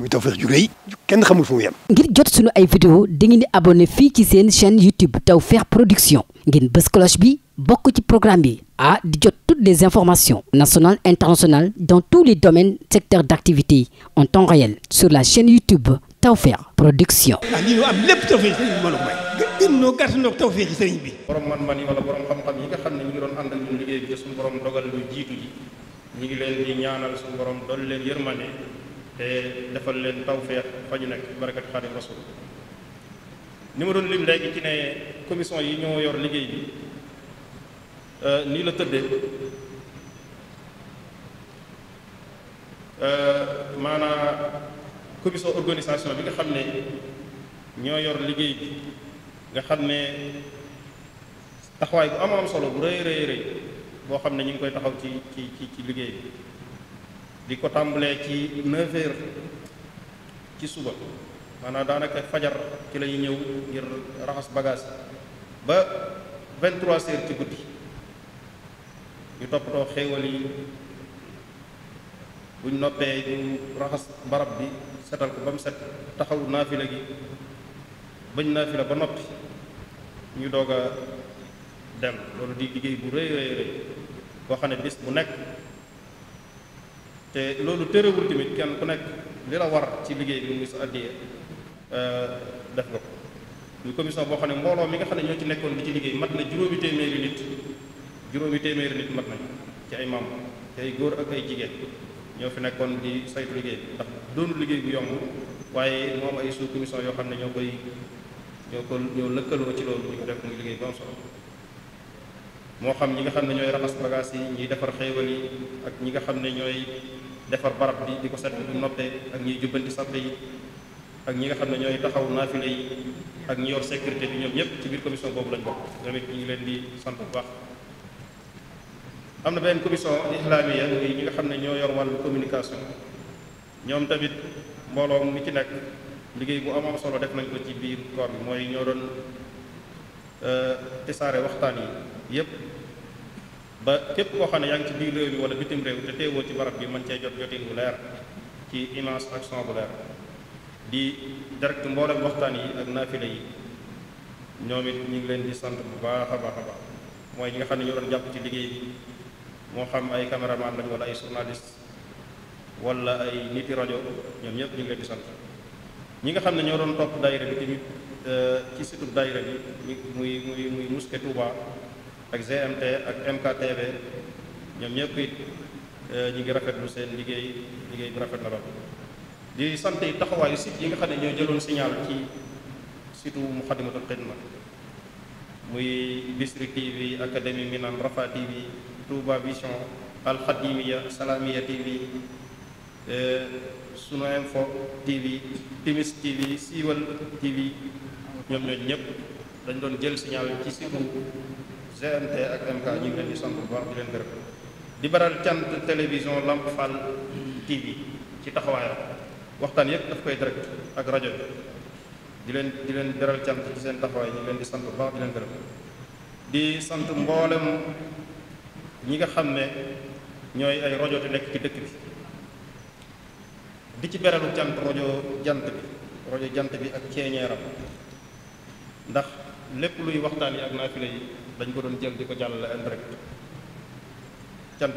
muy Tawfekh ju rëy kenn xamul fu mu ngir jot sunu ay vidéo dangeen di abonné fii ci seen chaîne YouTube Tawfekh Production ngeen bës cloche bi bokk ci programme bi a di jot toutes les informations nationales internationales dans tous les domaines secteurs d'activité en temps réel sur la chaîne YouTube Tawfekh Production. ah lii ñu am lépp Tawfekh sëriñ bi mbooloo bi. borom man-man yi wala borom xam-xam yi nga xam ne ñu àndal ñu liggéey bi suñu borom dogal te defal leen tawféex fa ñu nekk barakatu xaadim rasul ni ma doon lim léegi ci ne commission yi ñoo yor liggéey bi euh, nii la tëddee euh, maanaam commission organisation bi nga xam ne ñoo yor liggéey bi nga xam ne taxawaay bu am am solo bu rëy rëy rëy boo xam ne ñu ngi koy taxaw ci ci ci ci liggéey bi di ko tàmbalee ci 9 ci suba maanaam daanaka fajar ci lañuy ñuy ñëw ngir raxas bagage ba 23 heures ci guddi ñu toppatoo xéewal yi buñ noppee ñu raxas barab bi setal ko ba mu set taxaw naafila gi bañ naafila ba noppi ñu doog a dem loolu di liggéey bu rëy rëy rëy boo xam ne bis bu nekk te loolu tërëwul tamit kenn ku nekk li la war ci liggéey bi muy sa addiya euh, def nga ko muy commission boo xam ne mbooloo mi nga xam ne ñoo ci nekkoon di ci liggéey mat na juróomi téeméeri nit juróomi téeméeri nit mat ci ay membre ci ay góor ak ay jigéen ñoo fi nekkoon di saytu liggéey bi doonu liggéey bu yomb waaye moo ay sous yoo xam ne ñoo koy ñoo ko ñoo lëkkaloo ci loolu ñu ko def moo xam ñi nga xam ne ñooy raxas bagages yi ñuy defar xéewal yi ak ñi nga xam ne ñooy defar barab bi di ko set bu noppee ak ñiy jubbanti sàppe yi ak ñi nga xam ne ñooy taxaw naafile yi ak ñi yor sécurité bi ñoom ñëpp ci biir commission boobu lañ bokk tamit ñu ngi leen di sant bu baax am na benn commission islamiya yi ñi nga xam ne ñoo yor wàllu communication ñoom tamit mbooloom mi ci nekk liggéey bu am solo def nañ ko ci biir koor bi mooy ñoo doon euh, tisaare waxtaan yi yëpp ba képp koo xam ne yaa ngi ci biir réew mi wala bitim réew te teewoo ci barab bi mën cee jot jotin bu leer ci image ak son bu leer di direct mboolem waxtaan yi ak naafile yi ñoom it ñu ngi leen di sant bu baax a baax a baax mooy ñi nga xam ne ñoo doon jàpp ci liggéey bi moo xam ay caméraman lañ wala ay journaliste wala ay niti rajo ñoom ñëpp ñu leen di sant ñi nga xam ne ñoo doon topp daayira bi tamit euh, ci situb daayira bi muy muy muske Touba ak GMT ak MKTV ñoom ñëpp euh, ñu ngi rafetlu seen liggéey liggéey bu rafet na lool. di sant yi taxawaayu site yi nga xam ne ñoo jëloon signal ci site Moukhaddamatoul Khidma muy Bichri TV Académie Minane Rafa TV Touba Vision Al Khadimiya Salamia TV euh, Sunu Info TV Timis TV Siiwal TV ñoom ñooñu ñëpp dañ doon jël signal ci site GMT ak MK ñu ngi leen di sant bu baax di leen gërëm di baral cant télévision Lamp Fall TV ci taxawaayam waxtaan yëpp daf koy direct ak rajo bi di leen di leen beral cant ci seen taxawaay ñu leen di sant bu baax di leen gërëm di sant mboolem ñi nga xam ne ñooy ay rajo te nekk ci dëkk bi di ci beralu cant rajo jant bi rajo jant bi ak ceeñeeram ndax lépp luy waxtaan yi ak naafila yi dañ ko doon jël di ko jàllale en direct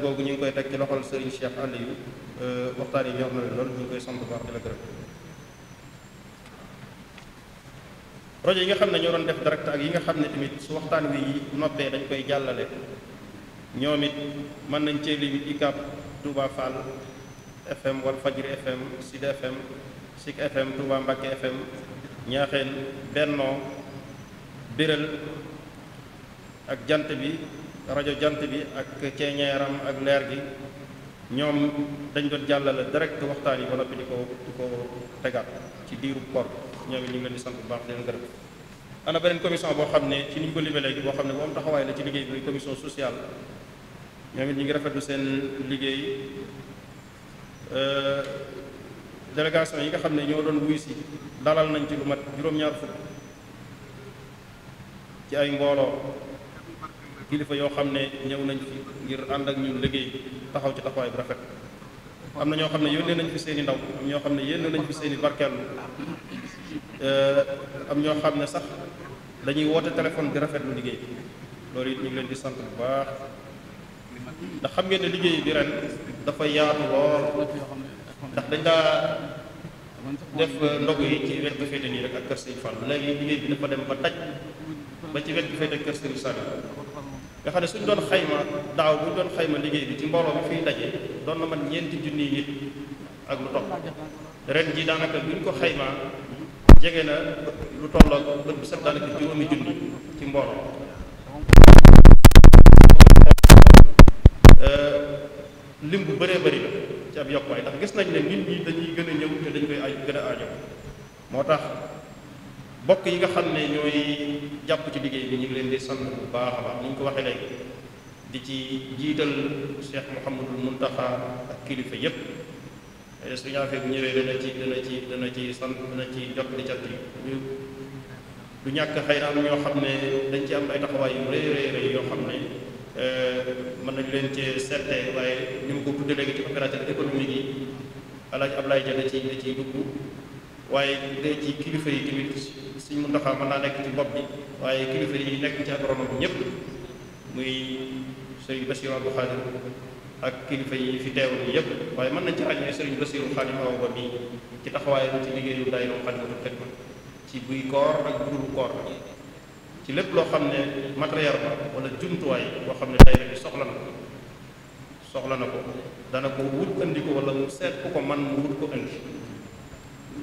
googu ñu ngi koy teg ci loxol Serigne Cheikh Aliou euh, waxtaan yi ñor na lool ñu ngi koy sant bu baax di la yi nga xam ne ñoo doon def direct ak yi nga xam ne tamit su waxtaan wi noppee dañ koy jàllale ñoom it mën nañ cee lim ICAP Touba Fall FM Walfajri FM Sud FM Sik FM Touba Mbacké FM Ñaaxeen Benno Biral ak jant bi rajo jant bi ak ceeñeeram ak leer gi ñoom dañ doon jàllale direct waxtaan yi ba noppi di ko di ko tegaat ci diiru koor ñoom it ñu ngi di sant bu baax di leen gërëm ana beneen commission boo xam ne ci niñ ko limee léegi boo xam ne bu am taxawaay la ci liggéey bi commission sociale ñoom it ñu ngi lu seen liggéey euh, délégation yi nga xam ne ñoo doon wuy si dalal nañ ci lu mat juróom-ñaar fukk ci ay mbooloo kilifa yoo xam ne ñëw nañ fi ngir ànd ak ñun liggéey taxaw ci taxawaay bu rafet am na ñoo xam ne yónnee nañ fi seen i ndaw am ñoo xam ne yéene nañ fi seen i barkeelu am ñoo xam ne sax dañuy woote téléphone di rafetlu liggéey loolu it ñu ngi leen di sant bu baax ndax xam ngeen ne liggéey bi ren dafa yaatu lool ndax dañ daa def ndog yi ci wet bi féete nii rek ak kër Sëriñ Fall léegi liggéey bi dafa dem ba taj ba ci wet bi féete kër Sëriñ Sall nga xam ne suñ doon xayma daaw buñ doon xayma liggéey bi ci mbooloo mi fiy daje doon na man ñeenti junni nit ak lu topp ren ji daanaka buñ ko xayma jege na lu tolloog bët bu set daanaka juróomi junni ci mbooloo euh, lim bu bëree bëri la ci ab ndax gis nañ ne nit ñi dañuy gën a ñëw te dañ koy a aajo moo tax bokk yi nga xam ne ñooy jàpp ci liggéey bi ñu ngi leen di sant bu baax a baax ñu ko waxee léegi di ci jiital Cheikh Mouhamadul Muntaxa ak kilifa yépp eh, suñu affaire bu ñëwee dana ci dana ci dana ci sant dana ci jot di cat yi du ñàkk xëy na am ñoo xam ne dañ ci am ay taxawaay yu mu rëy rëy yoo xam ne eh, mën nañu leen ci seetee waaye ñu ma ko tudde léegi ci opérateur économique yi Alaaji Ablaye ja da ci da ciy dugg waaye bu ci kilifa yi tamit suñ mu ndoxaa mën naa nekk ci bopp bi waaye kilifa yi nekk ci ak ronam ñëpp muy sëriñ Basiru Abdu Xaadir ak kilifa yi fi teewul yëpp waaye mën na ci ràññee sëriñ Basiru Xaadim Awa bi ci taxawaayam ci liggéeyu daayira Moukhaddamatoul Khidma ci lépp loo xam ne matériel jumtuwaay boo xam ne bi soxla na ko soxla na ko dana ko wut andi ko wala mu seet ku ko man mu wut ko andi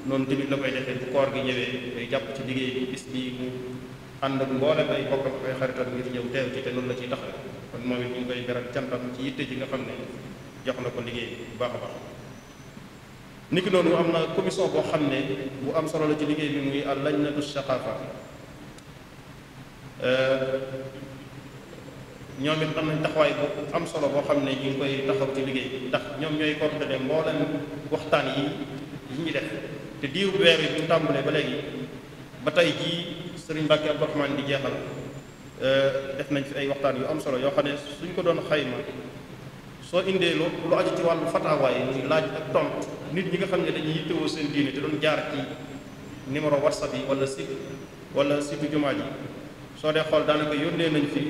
noonu tamit la koy defee bu koor gi ñëwee day jàpp ci liggéey bi bis bi mu ànd ak mboolem ay bokkam koy xaritam ngir ñëw teew ci te noonu la ciy taxaw kon moom it ñu ngi koy ci yitte ji nga xam ne ko liggéey bu baax am na commission boo xam ne am solo la ci liggéey bi muy al lajnatu saqaafa euh, ñoom it am nañ taxawaay bu am solo boo xam ne ñu ngi koy taxaw ci liggéey bi ndax ñoom ñooy coordonné mboolem waxtaan yi yi ñuy def te diiru weer yi bu tàmbalee ba léegi ba tey jii sëriñ Mbàkke Abdourahmane bi jeexal euh, def nañ fi ay waxtaan yu am solo yoo xam ne suñ ko doon xayma soo indee lu aju ci wàllu fatawaa muy laaj ak tontu nit ñi nga xam ne dañuy yittewoo seen diine te doon jaar ci numéro whatsapp yi wala site wala site jumaa yi soo dee xool daanaka yónnee nañ fi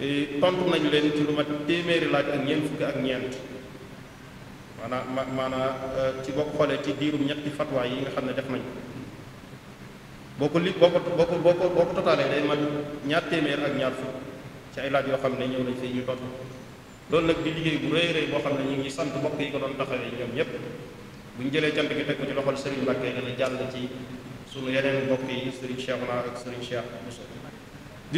euh, tontu nañ leen ci lu mat téeméeri laaj ak ñeent fukki ak ñeent. maanaam ma maanaam euh, ci boo ko xoolee ci diirum ñetti fatwa yi nga xam ne def nañ boo ko li boo ko boo ko boo ko boo ko totaalee day man ñaar téeméer ak ñaar fukk ci ay laaj yoo xam ne ñëw nañ fi ñu tontu loolu nag di liggéey bu boo xam ne ñu ngi sant mbokk yi ko doon taxawee ñoom ñëpp bu ñu jëlee cant gi teg ko ci loxol Serigne Mbacke dana jàll ci sunu yeneen mbokk yi Serigne Cheikh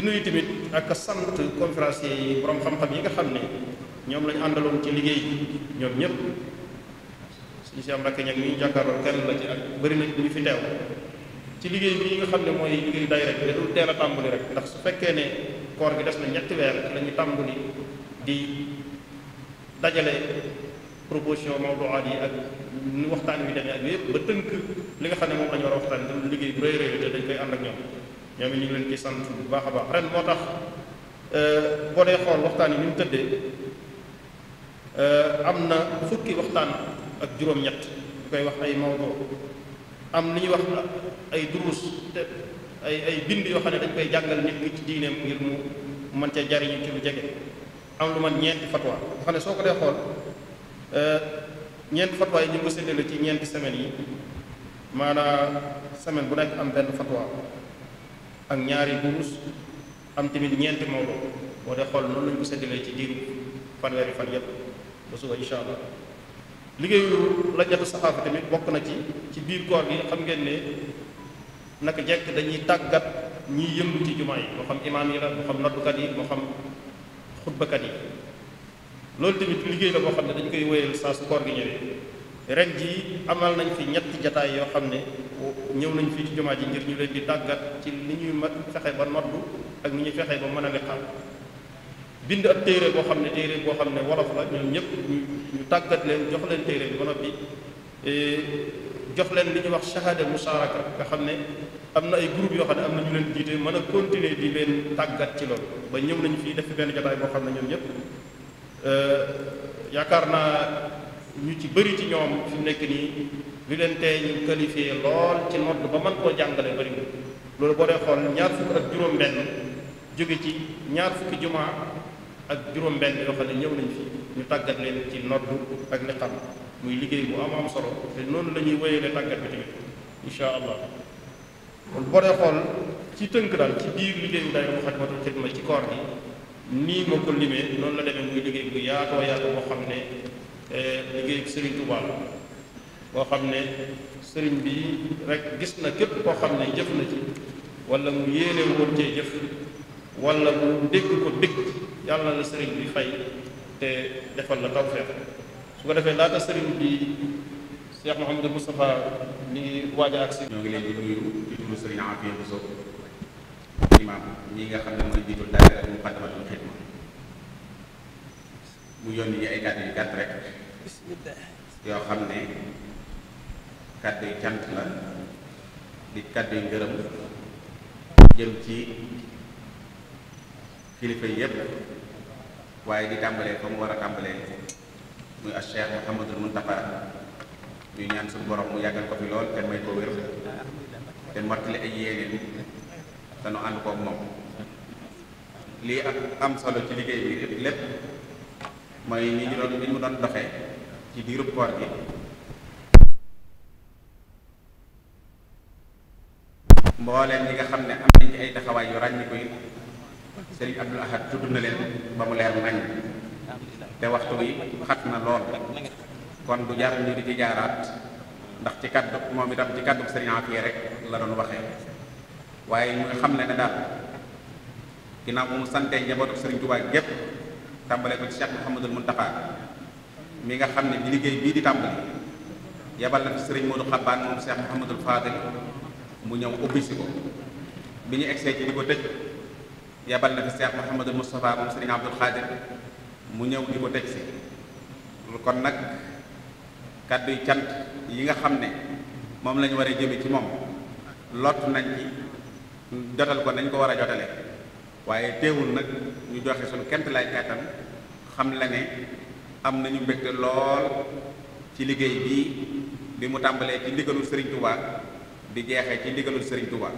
Ouna tamit ak sant conférencier yi borom xam yi nga xam ne ñoom lañ àndaloon ci liggéey ñoom ñëpp. suñu rakk Mbacke ñag ñu jàkkaarloo kenn la ci ak bëri nañ ñu fi teew ci liggéey bii nga xam ne mooy liggéey day rek dadul teel a tàmbali rek ndax su fekkee ne koor gi des na ñetti weer la ñu tàmbali di dajale proposition mawduwaat yi ak nu waxtaan wi demee ak yëpp ba tënk li nga xam ne moom la war a waxtaan dam liggéey bu rëy rëy dañ koy ànd ak ñoom ñoom it ñu ngi leen ci sant bu baax a baax ren moo tax euh, boo dee xool waxtaan yi ni euh, am na fukki ak juróom-ñett ñu koy wax ay mawdoo am lu ñuy wax ay duruus te ay ay bind yoo xam ne dañ koy jàngal nit ki ci diineem ngir mu man cee jariñu ci lu jege am lu man ñeenti fatwa nga xam ne soo ko dee xool euh, ñeenti fatwa yi ñu ngi ko ci ñeenti semaines yi maanaa semaine bu nekk am benn fatwa ak ñaari duruus am tamit ñeenti mawdoo boo dee xool noonu lañu ko séddalee ci diiru fanweeri fan yépp ba suba incha allah liggéeyu lajnatu saxaafa tamit bokk na ci ci biir koor gi xam ngeen ne naka jekk dañuy tàggat ñiy yëngu ci jumaa yi moo xam imaam yi la moo xam naddukat yi moo xam xutbakat yi loolu tamit liggéey la boo xam ne dañ koy wéyal saa su koor gi ñëwee ren jii amal nañ fi ñetti jataay yoo xam ne ñëw nañ fii ci jumaa ji ngir ñu leen di tàggat ci ni ñuy fexe ba noddu ak ni ñuy fexe ba mën a liqaam bind ab téere boo xam ne téere boo xam ne wolof la ñoom ñëpp ñu tàggat leen jox leen téere bi ba noppi e, jox leen li ñuy wax shahada musaaraka nga xam ne am na ay groupe yoo xam ne am na ñu leen jiite mën a continuer di leen tàggat ci loolu ba ñëw nañu fii def benn jotaay boo xam ne ñoom ñëpp e, yaakaar naa ñu ci bëri ci ñoom fi nekk nii li leen tee ñu qualifié lool ci nodd ba mën koo jàngalee bëri loolu boo dee xool ñaar fukk ak juróom-benn jóge ci ñaar fukki jumaa ak juróom-benn yoo xam ne ñëw nañ fi ñu tàggat leen ci noddu ak liqam muy liggéey bu am am solo te noonu lañuy ñuy wéyale tàggat bi tamit incha allah kon boo dee ci tënk daal ci biir liggéeyu daay Moukhaddamatoul Khidma ci koor gi nii ma ko limee noonu la demee muy liggéey bu yaatoo yaatu boo xam ne eh, liggéey bu Serigne Touba boo xam ne Serigne bi rek gis na képp koo xam ne jëf na ci wala mu yéene woon cee jëf wala mu dégg ko dégg. yàlla na la sëriñ bi fay te defal la tawfeex su ko defee laata sëriñ bi Cheikh Mouhamadou Moustapha ni waaj a agsi ñoo ngi leen di nuyu di tudd sëriñ Afia Bousso imam ñi nga xam ne mooy jiitu daayira ak Muqaddamatul Xidma mu yónni ñu ay kàddu yu gàtt rek yoo xam ne kàddu yu cant la di kàddu yu ngërëm jëm ci kilifa yépp waaye di tàmbalee fa mu war a tàmbalee muy as cheikh Mouhamadul Mountakha ñuy ñaan suñu borom mu yàggal ko fi lool te may ko wér te mottali ay yéeneen te nu ànd koog moom. lii ak am solo ci liggéey bi lépp mooy ni ñu doon ni ci diirub koor gi. mbooleem ñi nga xam ne am nañ ci ay taxawaay yu ràññi ko sëriñ Abdul Ahad tudd na leen ba mu leer nañ te waxtu wi xat na lool kon du jar ñu di ci jaaraat ndax ci kaddu moom itam ci kaddu sëriñ Afiya rek la doon waxee waaye ñu xam ne ne daal ginnaaw bu mu sante sëriñ Tuubaa gépp tàmbale ko ci Cheikh Mouhamadul Mountakha mi nga xam ne bi liggéey bii di tàmbali yabal na fi sëriñ Modou Xabbaan moom Cheikh Mouhamadul Fadil mu ñëw ubbi ko bi ñu egsee ci di ko tëj yabal na fi Cheikh Mouhamadul Moustapha moom Serigne Abdoul Khadir mu ñëw di ko teg si kon nag kàddu cant yi nga xam ne moom lañu ñu war a ci moom lott nañ ci jotal ko nañ ko war a jotale waaye teewul nag ñu joxe suñu kent lay kàttan xam la ne am nañu mbégte lool ci liggéey bii bi mu tàmbalee ci ndigalul sëriñ Touba di jeexee ci ndigalul Serigne Touba.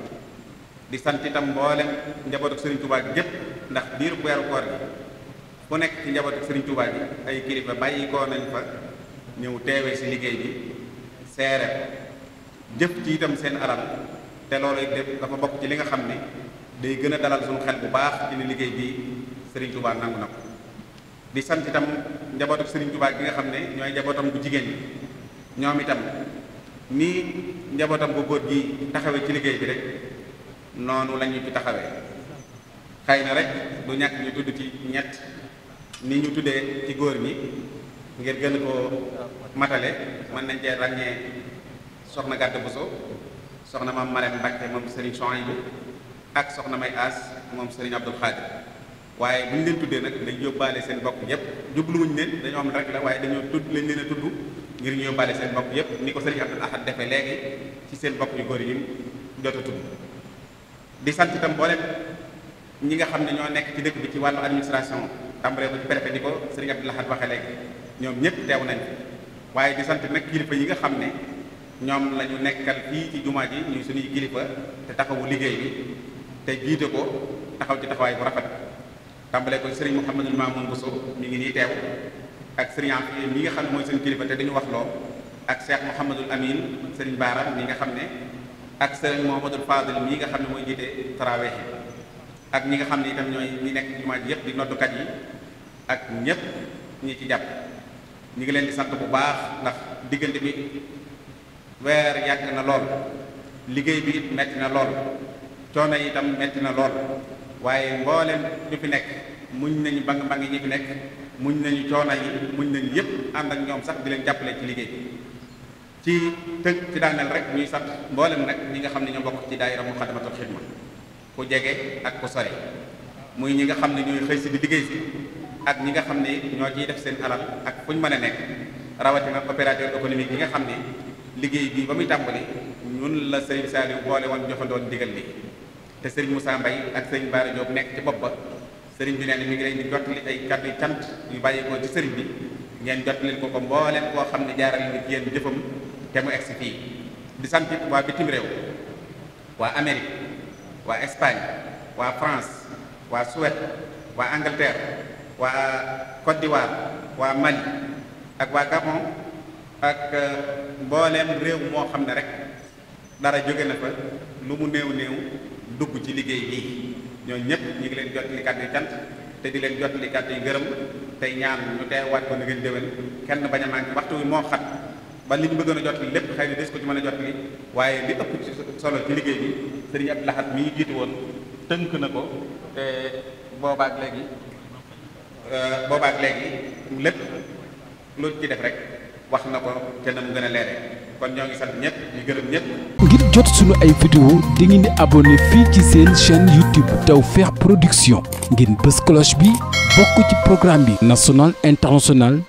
di sant itam mboolem njabootu Serigne Touba gi gépp ndax biir weeru koor gi ku nekk ci njabootu sëriñ Touba bi ay kilifa bàyyi koo nañ fa ñëw teewe si liggéey bi seere jëf ci seen alal te loolu it dafa bokk ci li nga xam ne day gën a dalal suñu xel bu baax ci liggéey bi Serigne Touba nangu na di sant itam njabootu Serigne Touba bi nga xam ne ñooy njabootam bu jigéen ñi ñoom itam nii njabootam bu góor gi taxawee ci liggéey bi rek noonu lañu ci taxawee xëy na rek du ñàkk ñu tudd ci ñett ni ñu tuddee ci góor ñi ngir gën koo matale mën nañ cee ràññee soxna Gàdd Buso soxna maam Marème Mbacke moom Serigne Souhaïbou ak soxna May As moom Serigne Abdoul Khadir waaye bu ñu leen tuddee nag dañ yóbbaale seen bokk yépp wuñ leen dañoo am rek la waaye dañoo tudd lañ leen a tudd ngir ñu yóbbaale seen bokk yépp ni ko Serigne Abdoul Ahad defee léegi ci seen bokk yu góor yi jot a tudd di sant itam mboolem ñi nga xam ne ñoo nekk ci dëkk bi ci wàllu administration tàmbalee ko ci préfet ni ko sëriñ Abdou Lahad waxee léegi ñoom ñëpp teew nañ waaye di sant nag kilifa yi nga xam ne ñoom la ñu nekkal fii ci jumaa ji ñu suñuy kilifa te taxawu liggéey bi te jiite ko taxaw ci taxawaay bu rafet tàmbalee ko sëriñ Mouhamadou Mamoun Bousso mi ngi nii teew ak sëriñ Amady yi nga xam ne mooy seen kilifa te dañu wax loo ak Cheikh Mouhamadul Amin sëriñ Baara mi nga xam ne. ak sëriñ Mouhamadou Fadil mii nga xam ne mooy jiite taraweex yi ak ñi nga xam ne itam ñooy ñi nekk jumaa ji yëpp di noddukat yi ak ñëpp ñi ci jàpp ñu ngi leen di sant bu baax ndax diggante bi weer yàgg na lool liggéey bi it metti na lool coono yi itam metti na lool waaye mbooleem ñu fi nekk muñ nañu bang bang yi ñu fi nekk muñ nañu coono yi muñ nañu yëpp ànd ak ñoom sax di leen jàppalee ci liggéey ci tëg ci daaneel rek ñuy sant mboolem nag ñi nga xam ne ñoo bokk ci daayira Muxaddamatul Xidma ku jege ak ku sore muy ñi nga xam ne ñooy xëy si di liggéey si ak ñi nga xam ne ñoo ciy def seen alal ak fu mën a nekk rawatina opérateur économique yi nga xam ne liggéey bii ba muy tàmbali ñun la Serigne Saliou boole woon joxandoon digal li te Serigne Moussa mbay ak Serigne Bara Diop nekk ci bopp ba Serigne bi nee na mi ngi leen di jottali ay kàddu cant yu bàyyeekoo ci Serigne bi ngeen jottali ko ko mbooleem koo xam ne jaaral ni ci yéen jëfam te mu egsi fii di sant waa bitim réew waa Amérique waa Espagne waa France waa Suède waa Angleterre waa Côte d'Ivoire waa Mali ak waa Gabon ak euh, mbooleem réew moo xam ne rek dara jóge na fa lu mu néew néew dugg ci liggéey bii ñoo ñëpp ñu ngi leen jot li kàddu yi te di leen jot li kàddu yi gërëm tey ñaan ñu teewaat ko ni ngeen déwén kenn bañ a manqué waxtu wi moo xat ba li mu bëggoon a jotali lépp xëy na des ko ci mën a jotali waaye li ëpp ci solo ci liggéey bi sëriñ Abdou Lahad mi jiitu woon tënk na ko te boobaak léegi euh, boobaak léegi lépp lu ci def rek wax na ko te mu gën a leere kon ñoo ngi sant ñëpp ñu gërëm ñëpp. ngir jot suñu ay vidéo di ngeen di abonné fii ci seen chaîne YouTube Tawfekh Production ngeen bës cloche bi bokk ci programme bi national international